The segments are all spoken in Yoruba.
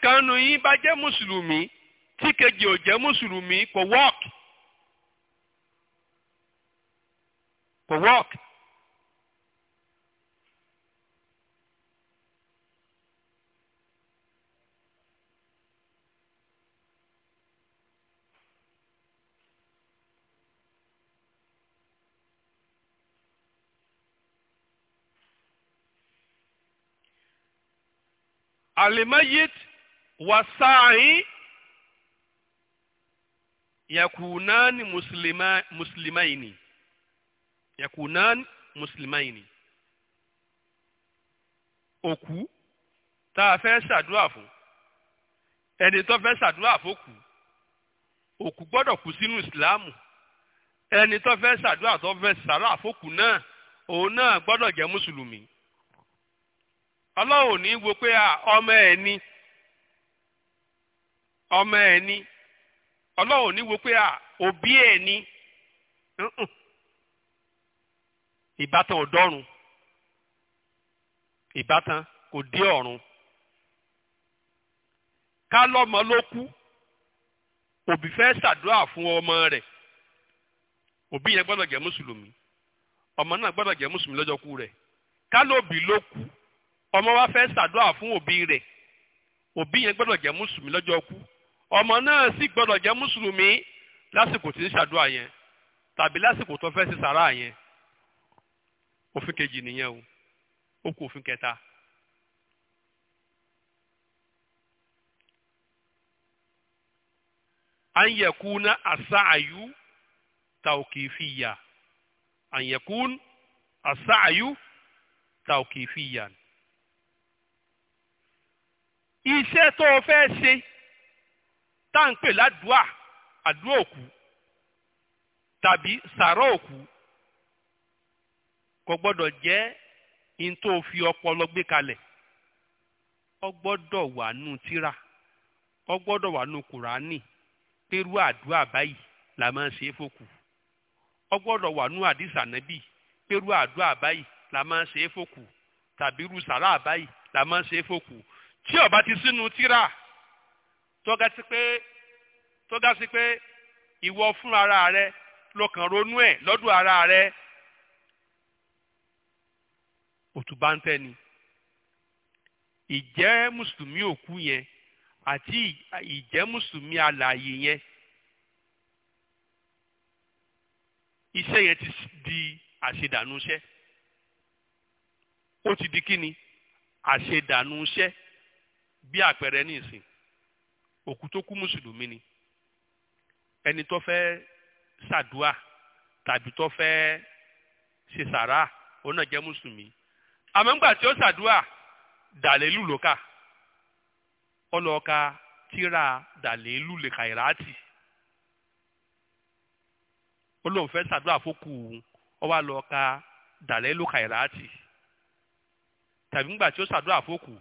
nìkan nu yín bá jẹ́ mùsùlùmí tí kejì ò jẹ́ mùsùlùmí kò work kò work. alimayit wasa'i yakunani muslima muslimaini yakunani muslimaini òkú tá a fẹ́ ṣàdúrà fún ẹni tó fẹ́ ṣàdúrà fókù Oku gbọ́dọ̀ kú sínú ìsìláàmù ẹni tó fẹ́ ṣàdúrà tó fẹ́ ṣàdúrà fókù náà òun náà gbọ́dọ̀ jẹ́ mùsùlùmí ọlọ́run ní wo pé ọmọ ẹ̀ ni. ọmọ ẹni ni ọlọ́run ní wo pé òbí ẹ̀ ni ìbátan ò ìbátan kò dé ọ̀run ló kú òbí fẹ́ ṣàdúrà fún ọmọ rẹ̀ òbí yẹn gbọ́dọ̀ jẹ́ mùsùlùmí ọmọ náà gbọ́dọ̀ jẹ́ mùsùlùmí lọ́jọ́ kú rẹ̀ ká lóbi fún òbí rẹ̀ òbí yẹn gbọ́dọ̀ jẹ́ ọmọ náà sì gbọ́dọ̀ jẹ́ mùsùlùmí lásìkò tí ń ṣàdúrà yẹn tàbí lásìkò tó fẹ́ sí sàrà yẹn òfin kejì nìyẹn o ó kù òfin kẹta. an yakuna asa'ayu tawkifiya an yakun asa'ayu tawkifiya iṣẹ́ tó o fẹ́ ṣe tá à ń pè ládùúà àdúrà òkú tàbí sàárọ̀ òkú kò gbọ́dọ̀ jẹ́ in fi ọpọlọ gbé kalẹ ó gbọ́dọ̀ wà nù tírà ó gbọ́dọ̀ wà nù kùránì pẹ̀lú àdúrà báyìí la máa ń ṣe é fòkù ó wà nù àdìsá báyìí máa ṣe é fòkù tàbí báyìí máa ṣe é fòkù tí ti sínú tírà. tọ́gá sí pé tọ́gá sí pé ìwọ fún ara rẹ lọ́kàn ronú ẹ̀ lọ́dún ara rẹ òtúbá ń tẹ́ ni ìjẹ́ mùsùlùmí òkú yẹn àti ìjẹ́ mùsùlùmí alààyè yẹn iṣẹ́ yẹn ti di àṣedànù iṣẹ́ ó ti di kíni àṣedànù iṣẹ́ bí àpẹẹrẹ ní òkú tó kú mùsùlùmí ni ẹni tó fẹ́ ṣàdúà tàbí tó fẹ́ ṣe sàrà òun náà jẹ́ mùsùlùmí àmọ́ ńgbà tí ó ṣàdúà dàlélù ló kà ọlọ́ọ̀ka tíra dàlélù lè kàìràtì ó lóun fẹ́ ṣàdúà fókù ó wá lọ́ọ́ ka dàlélù tàbí ńgbà tí ó ṣàdúà fókù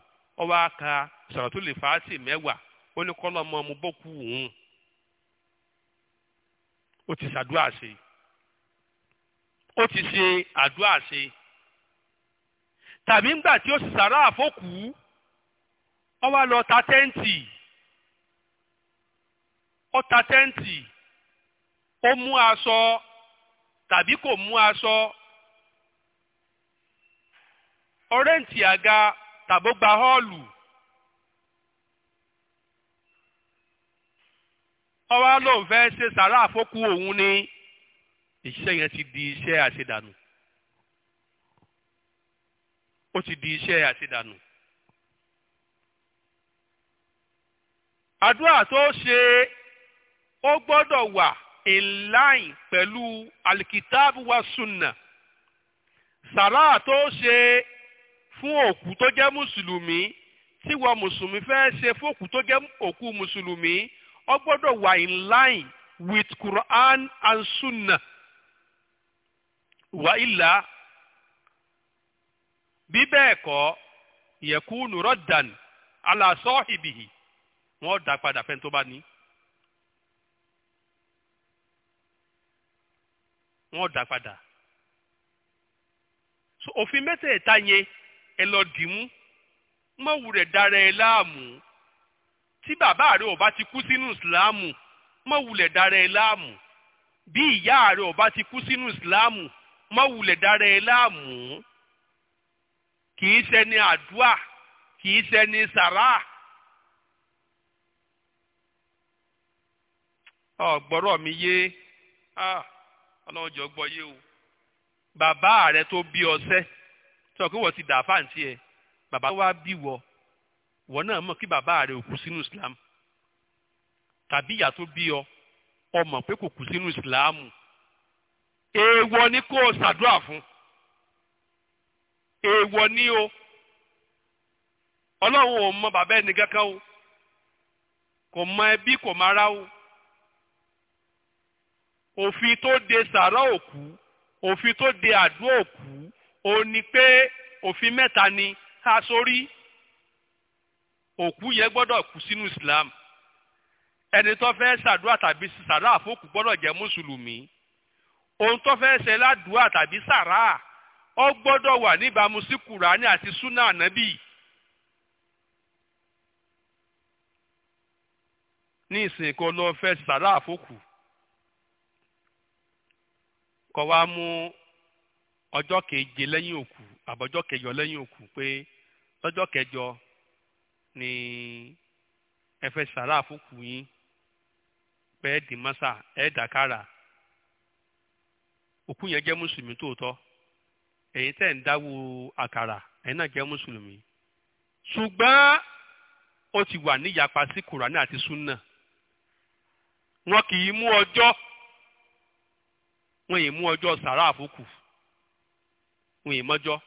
ó wá sọ̀rọ̀ tó lè fàá sí mẹ́wàá ó ní kọ́lọ́ ọmọ bọ́kú òun ó ti ṣàdúrà ṣe ó ti ṣe àdúrà ṣe tàbí ńgbà tí ó sì sàrà àfọ́kù ọ wá lọ ta tẹ́ǹtì ó ta tẹ́ǹtì ó mú aṣọ tàbí kò mú aṣọ ọ̀rẹ́ǹtì àga tàbó gba họ́ọ̀lù. ọwá lòun fẹ́ ṣe sàrà àfókù òun ni iṣẹ́ yẹn ti di iṣẹ́ àṣedànù ó ti di iṣẹ́ àṣedànù. àdúrà tó ṣe ó gbọ́dọ̀ wà in line pẹ̀lú alikitaabu wa sunna sàrà tó ṣe fún òkú tó jẹ́ mùsùlùmí tí wọ́n mùsùlùmí fẹ́ ṣe fún òkú tó jẹ́ òkú mùsùlùmí. ó gbọ́dọ̀ wà in line with Quran and Sunnah wà ilà bí bẹ́ẹ̀ kọ́ yẹ̀kúnù rọ́dàn aláṣọ́ ìbìhì wọ́n dá padà fẹ́ tó bá ní. wọ́n dá padà. so òfin mẹ́tẹ̀ẹ̀ta yẹn ẹ lọ dìímú mọ́wù rẹ̀ dára ẹ láàmú tí bàbá rẹ ò bá ti kú sínú ìsìláàmù má wulẹ̀ dára ẹ láàmú bí ìyá rẹ ò bá ti kú sínú ìsìláàmù má wulẹ̀ dára ẹ láàmú kì í ṣẹni àdúà kì í ṣẹni sàrà. ọ̀gbọ́rọ̀ mi yé ọlọ́run jọ gbọ́ yé o bàbá rẹ tó bí ọsẹ́ sọ pé wọ́n ti dà fáǹtì ẹ̀ bàbá tó bí wọ́ọ́ wọ́n náà mọ̀ kí bàbá rẹ̀ ò kú sínú islam tàbí ìyá tó bí ọ ọmọ pé kò kú sínú ìsìláàmù èèwọ̀ ni kó o ṣàdúrà fún èèwọ̀ ni o ọlọ́run ò mọ bàbá ẹni kankan o kò mọ ẹbí kò mọ ara o òfin tó de sàrà òkú òfin tó de àdúrà òkú òun ni pé òfin mẹ́ta ni a sórí. So òkú yẹn gbọ́dọ̀ kú sínú islam ẹni tó fẹ́ ṣàdúrà tàbí sàrà fókù gbọ́dọ̀ jẹ́ mùsùlùmí ohun tó fẹ́ ṣe ládùúà tàbí sàrà ọ gbọ́dọ̀ wà níbàámu sí kùránì àti súnà ànábì ní ìsìn kó lọ fẹ́ sàrà fókù kó wá mú ni ẹ fẹ́ sàrà àfúkù yín pé ẹ dì mọ́sà ẹ dàkárà òkú yẹn jẹ́ mùsùlùmí tòótọ́ ẹ̀yin tẹ̀ ń dáwó àkàrà ẹ̀yin náà jẹ́ mùsùlùmí ṣùgbọ́n ó ti wà níyapa sí kùránì àti súnà wọn kì í mú ọjọ́ wọn yìí mú ọjọ́ sàrà àfúkù wọn yìí mọ́jọ́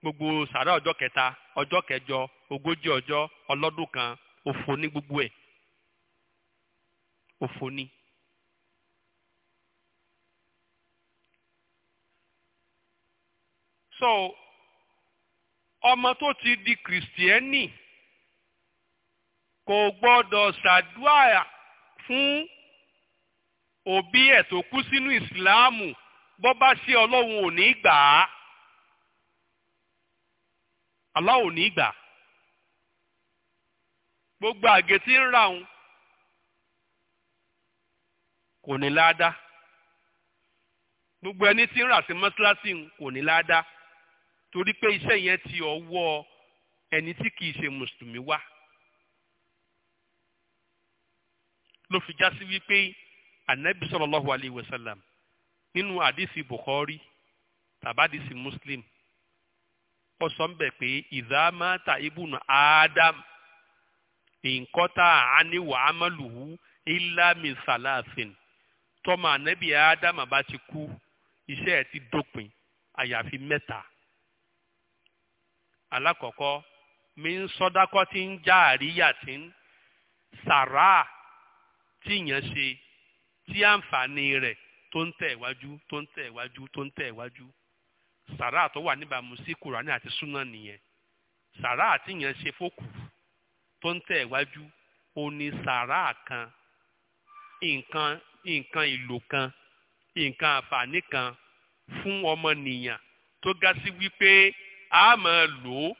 gbogbo sara ọjọ́ kẹta ọjọ́ kẹjọ ogójì ọjọ́ ọlọ́dún kan òfò ní gbogbo ẹ̀ òfò so ọmọ tó ti di kìrìsìtẹ́nì kò gbọ́dọ̀ ṣàdúrà fún òbí ẹ̀ tó kú sínú ìsìláàmù bó bá ṣe ọlọ́run ò ní gbogbo àgé tí ń rà òun kò ní láada gbogbo ẹni tí ń rà sí mọ́ṣáláṣí òun kò ní láada torí pé iṣẹ́ yẹn ti ọwọ́ ẹni tí kìí ṣe mùsùlùmí wá ló fi já sí wípé anabi sallallahu alayhi wa sallam nínú àdìsí bukhari tàbádìsí muslim ó sọ ń bẹ̀ pé ìdá máa ta ibùnà ádámù nkọ́tà àníwá amálùú ilá mìsàlásìn tọ́mọ ànábì ádámà bá ti kú iṣẹ́ ẹ̀ ti dópin àyàfi mẹ́ta. alákọ̀ọ́kọ́ mi ń sọ́dákọ́ tí ń já àríyá tí ń sàrà tí yẹn ṣe tí àǹfààní rẹ̀ tó ń tẹ̀ iwájú tó ń tẹ̀ iwájú tó ń tẹ̀ iwájú sàrà tó wà níbàámu sí kùránì àti súnà nìyẹn sàrà tí yẹn ṣe fókù tó ń tẹ̀ wájú ó ní sàrà kan nǹkan nǹkan ìlò kan nǹkan àǹfààní kan fún ọmọnìyàn tó ga sí wípé a máa lò ó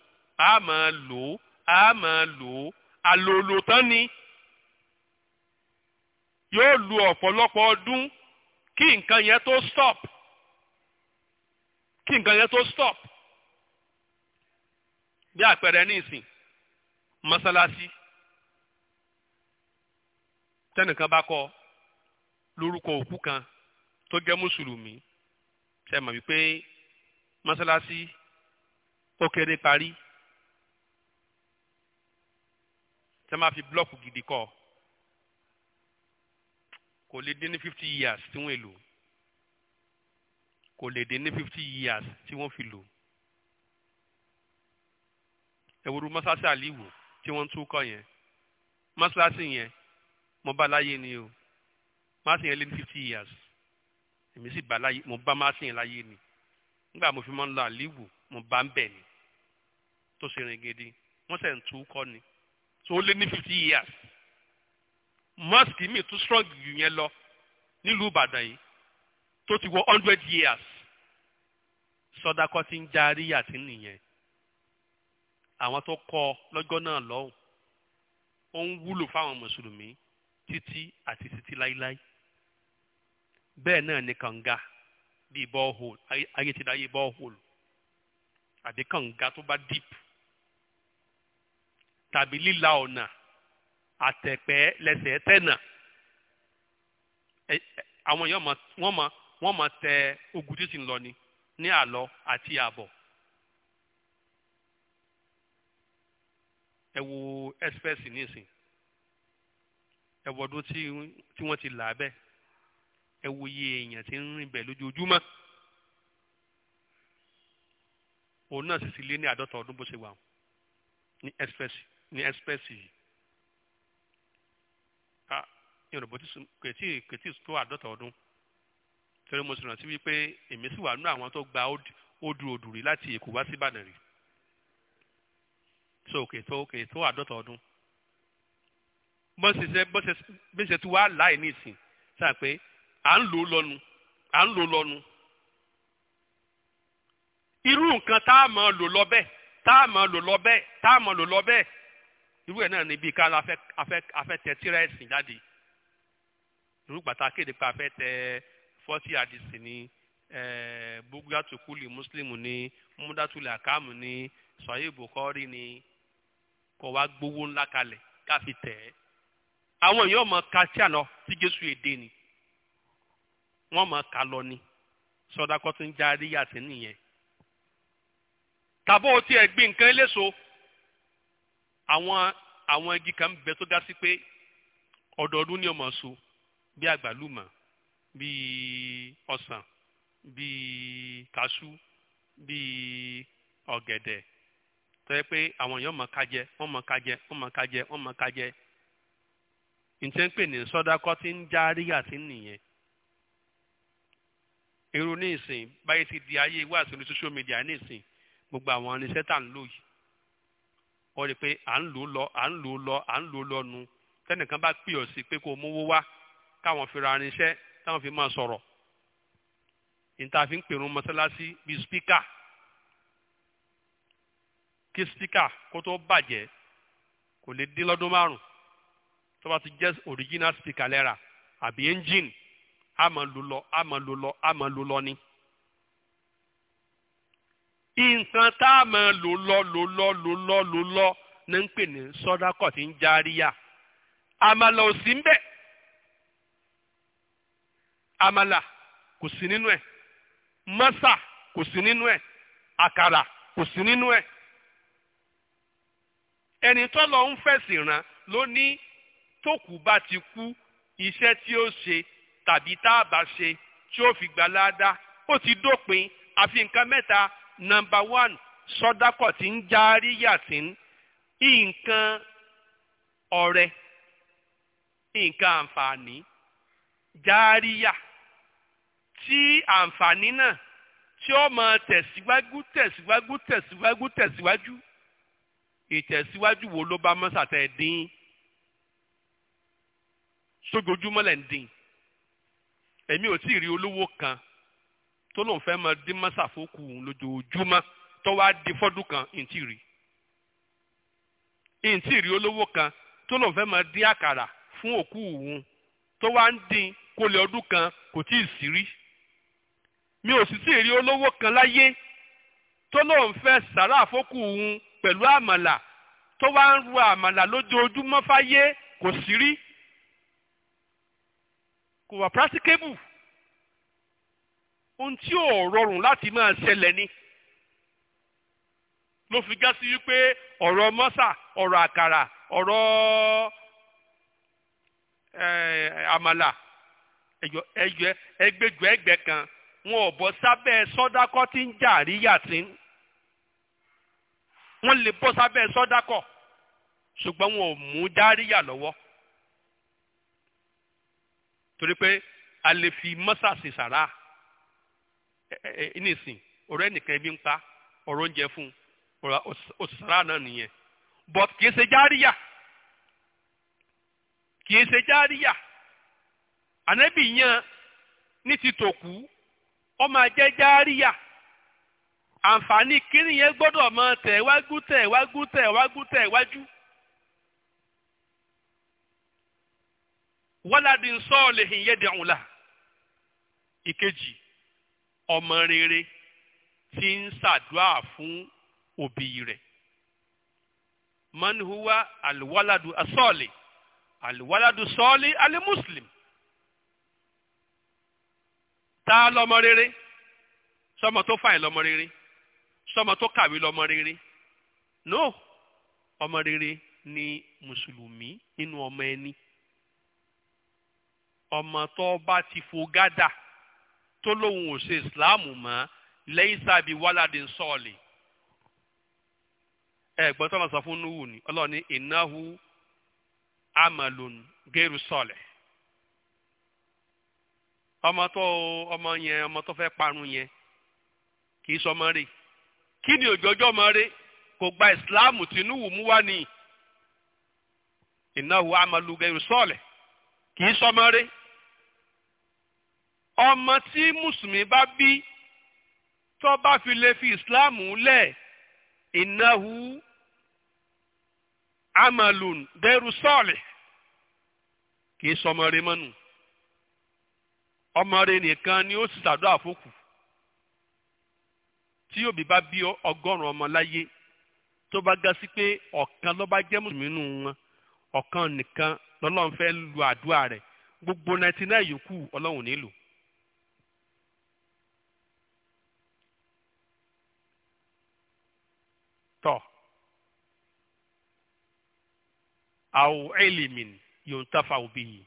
a máa lò ó a máa lò ó àlòlò tán ni yóò lu ọ̀pọ̀lọpọ̀ ọdún kí nǹkan yẹn tó stop kí nǹkan yẹn tó stop bí àpẹẹrẹ ní Masalasi tẹ́nìkan bá kọ lórúkọ òkú kan tó jẹ́ mùsùlùmí ṣe mọ̀ wípé mọ́sálásí ó kéré parí tẹ́ máa fi blọ́ọ̀kù gidi kọ́ kò lè dín ní fifty years tí wọ́n lò kò lè dín ní fifty years tí wọ́n fi lò ẹ̀wòrú mọ́sálásí àlìwò tí wọ́n ń túkọ̀ yẹn mọ́ṣáláṣí yẹn mo bá láyé ni o mọ́ṣáláṣí yẹn lé ní fifty years èmi sì bá láyé mo bá mọ́ṣáláṣí yẹn láyé ni nígbà mo fi mọ́ ń lọ àlíwù mo bá ń bẹ̀ ni tó ṣe rìn gidi wọ́n ṣẹ̀ ń túkọ̀ ni tó lé ní fifty years mọ́ṣáláṣí mi tún strong jù yẹn lọ nílùú Ìbàdàn yìí tó ti wọ hundred years sọdakọ ti ń jarí àti nìyẹn àwọn tó kọ́ lọ́jọ́ náà lọ́hùn ó ń wúlò fáwọn mùsùlùmí títí àti títí láíláí bẹ́ẹ̀ náà ni kànga bíi bọ́ọ̀hùl ayé ti dáyé bọ́ọ̀hùl àbí kànga tó bá dìp tàbí líla ọ̀nà àtẹ̀pẹ́ lẹ́sẹ̀ tẹ̀nà àwọn èèyàn wọ́n máa tẹ ogun títí ń ni ní àlọ àti àbọ̀ ẹ wo express nísìn ẹ wo ọdún tí wọ́n ti là á bẹ́ẹ̀ ẹ wo iye èèyàn tí ń rìn bẹ̀ lójoojúmọ́ òun náà sì sì lé ní àádọ́ta ọdún bó ṣe wà ní express ní express yìí ah yorùbá kètì kètì tó àádọ́ta ọdún tẹ́lẹ̀ mo sì rántí wípé èmi sì wà nínú àwọn tó gba odò odò rí láti èkó wá sí ìbàdàn rí so òkè tó òkè tó àádọ́ta ọdún bó ṣe ṣe bó ṣe bí ṣe ti wá láì ní ìsìn sáà pé à ń lò ó lọ́nu à ń lò ó lọ́nu irú nǹkan tá a máa lò lọ bẹ́ẹ̀ tá a máa lò lọ bẹ́ẹ̀ tá a máa lò lọ bẹ́ẹ̀ irú ẹ̀ náà ni bíi ká afẹ́ afẹ́ afẹ́ tẹ tírẹ́sì jáde irú gbàtà kéde pé afẹ́ tẹ fọ́tì àdìsí ni bugyatu kuli muslimu ni mudatuli akamu ni sọyìn bukori ni kó wá gbowó ńlá kalẹ̀ ká fi tẹ̀ ẹ́ àwọn èèyàn mọ̀ ká tí àná tí Jésù èdè ni wọ́n mọ̀ ká lọ ni sọdakọ́ tó ń já aríyàtì nìyẹn tàbó tí ẹ gbin nǹkan eléso àwọn àwọn igi kan bẹ tó dá sí pé ọdọọdún ni ọmọ so bí àgbàlùmọ̀ bí ọsàn bí kaṣú bí ọ̀gẹ̀dẹ̀ tó yẹ pé àwọn èèyàn mọ̀ kájẹ wọ́n mọ̀ kájẹ wọ́n mọ̀ kájẹ wọ́n mọ̀ kájẹ ǹjẹ́ ń pè ní sọ́dákọ́ tí ń járí àti nìyẹn irú ní ìsìn báyìí ti di ayé wá sí orí social media ní ìsìn gbogbo àwọn irinṣẹ́ tá à ń lò yìí wọ́n rí i pé à ń lò ó lọ à ń lò ó lọ à ń lò ó lọ nu tẹ́nìkan bá pè ọ́ sí pé kó o mówó wá káwọn fi ra irinṣẹ́ táwọn fi máa sọ̀rọ̀ kí stika kó tó bàjẹ́ kò lè dín lọ́dún márùn tó bá ti jẹ́ original stika lẹ́ra àbí engine a máa lò lọ a máa lò lọ a máa lò lọ ni. nǹkan tá a máa lò lọ lò lọ lò lọ lò lọ ní ń pè ní sọ́dákọ̀ tí ń járíyà àmàlà ò sí ń bẹ̀ àmàlà kò sí nínú ẹ̀ mọ́sà kò sí nínú ẹ̀ àkàrà kò sí nínú ẹ̀ ẹni tọ́lọ ń rán tókù bá ti kú iṣẹ́ tí ó ṣe tàbí tá a ṣe tí ó fi gbà ó ti dópin àfi nǹkan one tí ń járí yàtí nǹkan ọrẹ nǹkan àǹfààní járíyà tí àǹfààní náà tí ó mọ tẹ̀síwájú ìtẹ̀síwájú wo ló bá mọ́sà tẹ́ ẹ dín sógojúmọ́ lẹ̀ ń dín èmi ò tí ì rí olówó kan tó lóun fẹ́ máa dín mọ́sà fókù lójoojúmọ́ tó wá di fọ́dún kan ìǹtí rí ìǹtí rí olówó kan tó lóun fẹ́ máa dín àkàrà fún òkú òun tó wá ń dín kólé ọdún kan kò tí ì sí rí mi ò sì tí ì rí olówó kan láyé tó lóun fẹ́ sàrà àfókù òun pẹ̀lú àmàlà tó wá ń ru àmàlà lójoojúmọ́ fáyé kò sí rí kò wà practicable ohun tí ò rọrùn láti máa ṣẹlẹ̀ ni ló fi já sí wípé ọ̀rọ̀ mọ́sà ọ̀rọ̀ àkàrà ọ̀rọ̀ àmàlà ẹgbẹ́jọ ẹgbẹ́ kan wọn ò bọ́ sábẹ́ sọ́dákọ́ tí ń jà àríyá tí ń. wọ́n lè bọ́ sábẹ́ sọ́dákọ̀ ṣùgbọ́n wọn ò mú dáríyà lọ́wọ́ torí pé a lè fi mọ́sàsì sàrà nísìn ọ̀rọ̀ ẹnìkan ẹbí ń pa ọ̀rọ̀ oúnjẹ fún ọ̀rọ̀ òṣìṣàrà náà nìyẹn but kì í ṣe járíyà kì í ṣe járíyà ànábì ní ti tòkú ó járíyà àǹfààní kínní yẹn gbọ́dọ̀ máa tẹ̀ wágú tẹ̀ wágú tẹ̀ wágú tẹ̀ wájú. wọ́ládì ń sọ lè hìn yé dẹ̀hùn la. ìkejì ọmọ rere tí ń ṣàdúrà fún òbí rẹ̀. manhuwa aliwaladu asọ́ọ̀lì aliwaladu sọ́ọ̀lì alimuslim. ta lọmọ rere sọmọ tó fàìn lọmọ rere sọmọ tó kàwé lọmọ rere no ọmọ rere ni mùsùlùmí nínú ọmọ ẹni ọmọ tó bá ti fo gádà tó lóun ò ṣe ìsìláàmù mọ́ lẹ́yìn sábì wàládì ń sọ̀ọ̀lì tó máa sọ fún nuhu ni ọlọ́ọ̀ni ìnáhu amalun gẹ́rù sọ̀lẹ̀ ọmọ tó ọmọ yẹn ọmọ tó fẹ́ parun yẹn kì í sọmọ rèé kí ni òjòjọ́ mọ rí kò gba ìsìláàmù tìǹbù mú wá ní ìnáwó amaluga irusọ́ọ̀lẹ̀ kì í sọmọ rí ọmọ tí mùsùlùmí bá bí tó bá fi lè fi ìsìláàmù lẹ̀ ìnáwó amaluga irusọ́ọ̀lẹ̀ kì í sọmọ rí mọ́nu ọmọ rẹ nìkan ni ó sì ṣàdúrà fókùn tí òbí bá bí ọgọ́rùn-ún ọmọ láyé tó bá ga sí pé ọ̀kan ló bá jẹ́ mùsùlùmí nù wọn ọ̀kan nìkan lọ́lọ́run fẹ́ lu àdúrà rẹ̀ gbogbo ninety nine yòókù ọlọ́run nílò. tọ́ àwọ̀ ẹ̀lìmìn yóò ń òbí yìí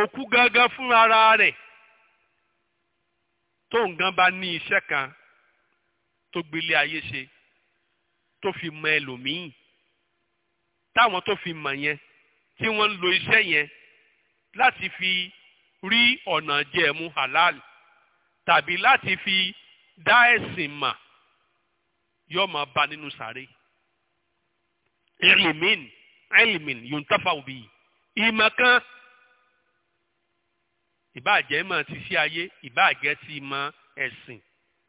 òkú gángan fún ara rẹ̀ tó ń gan bá ní iṣẹ́ kan tó gbélé ayé ṣe tó fi mọ ẹlòmíì táwọn tó fi mọ̀ yẹn tí wọ́n ń lo iṣẹ́ yẹn láti fi rí ọ̀nà jẹ̀mú halal tàbí láti fi dá ẹ̀sìn mà yóò máa bá nínú sàárè. ẹlòmíì ẹlòmíì yóò ń òbí ìmọ̀ kan ìbáàjẹ́ mọ̀ ti sí ayé ìbáàjẹ́ ti mọ ẹ̀sìn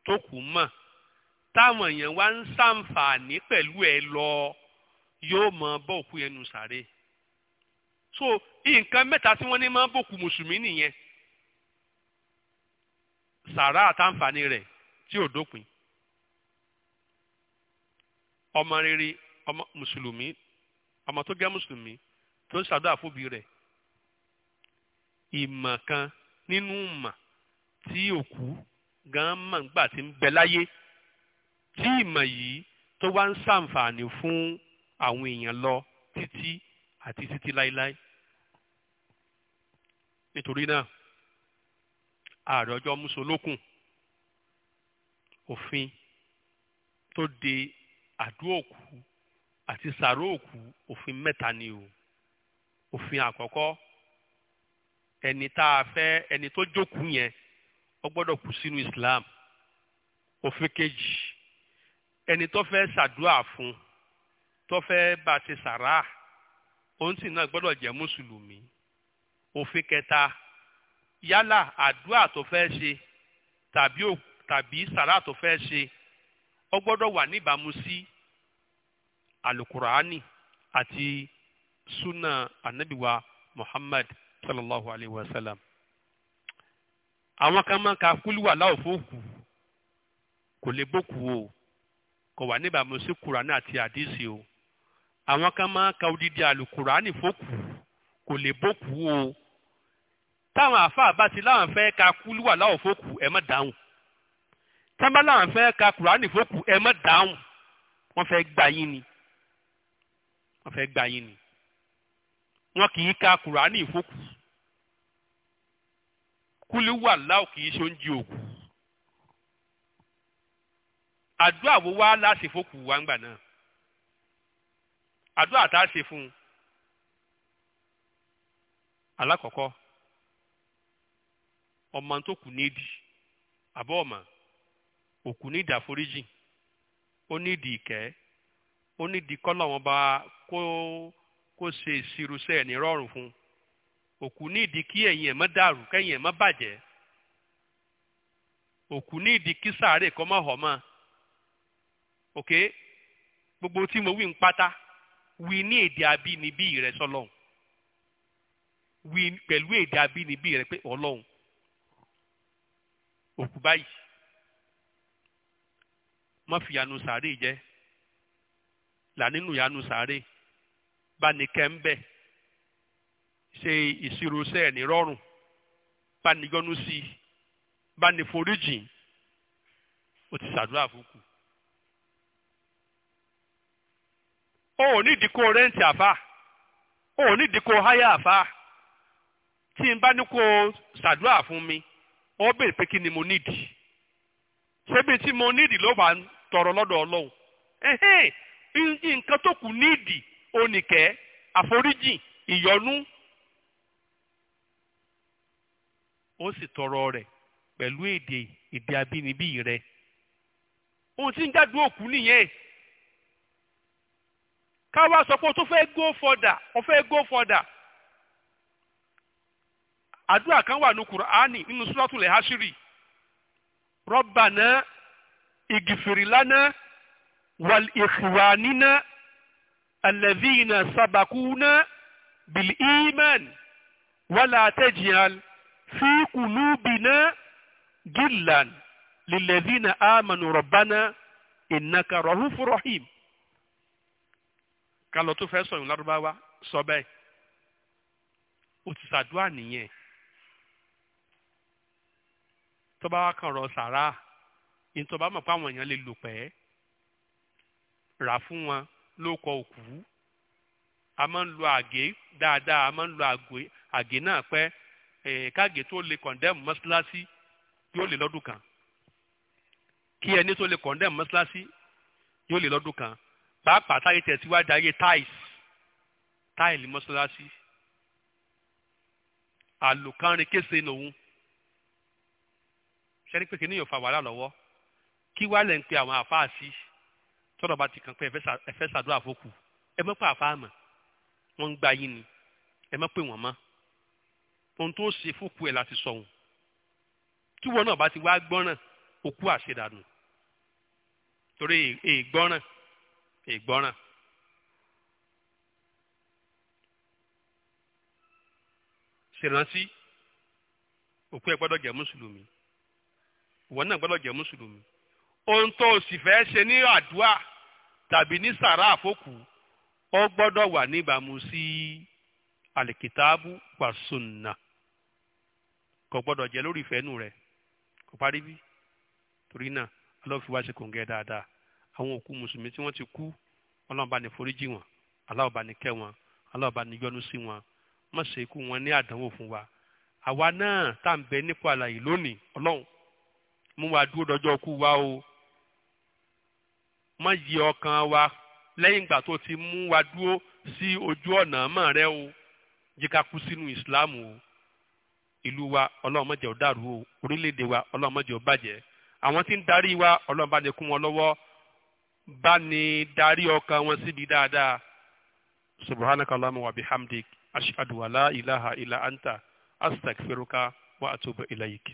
tó kù mọ̀ táwọn èèyàn wá ń ṣàǹfààní pẹ̀lú ẹ lọ yóò mọ bọ́ òkú yẹn so nǹkan mẹ́ta tí wọ́n ní máa ń bòkú mùsùlùmí nìyẹn sàrá àtàǹfààní rẹ̀ tí ò dópin ọmọ rere ọmọ mùsùlùmí ọmọ tó jẹ́ mùsùlùmí tó ń ṣàdúrà fóbi rẹ̀ ìmọ̀ kan nínú ìmọ̀ tí òkú gan-an mọ̀ nígbà tí ń bẹ láyé tí ìmọ̀ yìí tó wá ń ṣàǹfààní fún àwọn èèyàn lọ títí àti títí láéláé nítorí náà ààrẹ ọjọ́ musolókun òfin tó de àdúòkú àti sàróòkú òfin mẹ́ta ni o òfin àkọ́kọ́ ẹni tá a fẹ́ ẹni tó jókòó yẹn ó gbọ́dọ̀ kú sínú Islam òfin kejì ẹni tó fẹ́ ṣàdúrà fún tó fẹ́ bá ṣe sàrà òun sì náà gbọ́dọ̀ jẹ́ mùsùlùmí òfin kẹta yálà àdúrà tó fẹ́ ṣe tàbí tàbí sàrà tó fẹ́ ṣe ó gbọ́dọ̀ wà níbàámu sí alukurani àti sunna anabiwa muhammad sallallahu alayhi wa sallam àwọn kan máa ń ka kúlúwà láòfóòkù kò lè bókù o kò wà níbàámu sí kùránì àti àdìsí o àwọn kan máa ka odidi àlùkùránì fòkù kò lè bókù o táwọn àáfàá bá ti láwọn fẹ́ ka kúlúwà láwọn fòkù ẹ má dáhùn tábà láwọn fẹ́ ka kùránì fòkù ẹ má dáhùn wọ́n fẹ́ gbà yín ni wọ́n fẹ́ gbà yín ni wọ́n kì í ka kùránì fòkù kúlúwà láwọn kì í ṣe oúnjẹ òkú. àdúrà wo wá wa ńgbà náà àdúrà tá a fún un alákọ̀ọ́kọ́ ọmọ tó kù nídìí àbọ̀ ọ̀mà òkú nídìí àforíjì ó nídìí ìkẹ́ ó nídìí kọ́lọ̀ wọn bá kó kó ṣe ìṣirúṣẹ́ ẹ̀ ní rọrùn fún òkú nídìí kí ẹ̀yìn ẹ̀ má dàrú kẹ́yìn ẹ̀ bàjẹ́ òkú nídìí ok gbogbo tí mo wí ń pátá wí ní èdè abínibí rẹ sọ́lọ́run wí pẹ̀lú èdè abínibí rẹ pé Ọlọ́run òkú báyìí má fi yanu sàárè jẹ là nínú yanu sàárè bá ní kẹ́ ń bẹ̀ ṣe ìṣirò sẹ́ẹ̀ ní rọrùn bá ní yọnu sí i bá ní foríjìn ó ti ṣàdúrà fún kù. o ò ní ìdíkò rẹ́ǹtì o ò ní ìdíkò háyà àfà tí n bá ní kó fún mi ó béèrè pé kí ni mo nídìí sebi tí mo nídìí ló wà ń tọrọ lọ́dọ̀ ọlọ́run nǹkan tó kù nídìí oníkẹ́ àforíjì ìyọnú ó sì tọrọ rẹ pẹ̀lú èdè èdè abínibí rẹ̀ ohun tí ń jádùn òkú nìyẹn. ká wá sọ pé o tún fẹ́ go further o fẹ́ go further àdúrà kan wà ní kùránì nínú suratul hashiri rabbana igfir lana wal ikhwanina alladhina sabakuna bil iman wala tajal fi qulubina gillan lilladhina amanu rabbana innaka rahufu rahim kálọ̀ tó fẹ́ sọ̀yún lárúbáwá sọ bẹ́ẹ̀ o ti ṣàdúrà nìyẹn tó bá wá kàn rọ sàrà ní tó bá mọ̀ pé àwọn èèyàn lè lò pẹ́ rà fún wọn ló kọ òkú a máa ń lo àgé dáadáa a máa ń lo àgé náà pẹ́ káàgé tó lè kọ̀ndẹ́mù mọ́ṣáláṣí yóò lè lọ́dún kan kí ẹni tó lè kọ̀ndẹ́mù mọ́ṣáláṣí yóò lè lọ́dún kan pàápàá táyé tẹ̀ síwájú ayé táìs táìlì mọ́ṣáláṣí àlùkánrin kése lòun ṣẹ́ni pé kìnìyàn fa wàhálà lọ́wọ́ kí wàá lẹ̀ ń pe àwọn àfáà sí tọ́lọ̀ bá ti kàn pé ẹ fẹ́ ṣàdúrà fókù ẹ mọ́ pé àfáà mọ̀ wọ́n ń gba yín ni ẹ mọ́ pé wọ́n mọ́ ohun tó ṣe fókù ẹ̀ láti sọ̀hún tí wọn náà bá ti wá gbọ́ràn òkú àṣedànù torí èègbọ́ràn. E, ìgbọ́ràn. ṣèrántí òkú ẹ gbọ́dọ̀ jẹ́ mùsùlùmí ìwọ náà gbọ́dọ̀ jẹ́ mùsùlùmí ohun tó o sì fẹ́ ṣe ní àdúrà tàbí ní sàrà àfọkù ó gbọ́dọ̀ wà níbàámu sí àlìkìtàbù wàsùnà kò gbọ́dọ̀ jẹ́ lórí ìfẹ́nu rẹ̀ kò parí bí torí náà ọlọ́run fi wá ṣe kòǹgẹ́ dáadáa àwọn òkú mùsùlùmí tí wọ́n ti kú ọlọ́run bá ní foríjì wọn Allah bá ní kẹ́ wọn Allah bá ní yọ́nú sí wọn má ṣe ikú wọn ní àdánwò fún wa àwa náà tá à ń bẹ nípò àlàyé lónìí ọlọ́run mú wa dúró dọjọ́ kú wa o má yí ọkàn wa lẹ́yìn ìgbà tó ti mú wa dúró sí ojú ọ̀nà mọ́ rẹ o jẹ́ ká kú sínú ìsìláàmù o ìlú wa ọlọ́run má ó dàrú o orílẹ̀-èdè wa ọlọ́run má ó bàjẹ́ àwọn tí ń darí wa ọlọ́run bá ní kún wọn lọ́wọ́ bá ní darí ọkàn wọn síbi dáadáa subhanaka allahumma wa bihamdik ashhadu an la ilaha illa anta astaghfiruka wa atubu ilayk.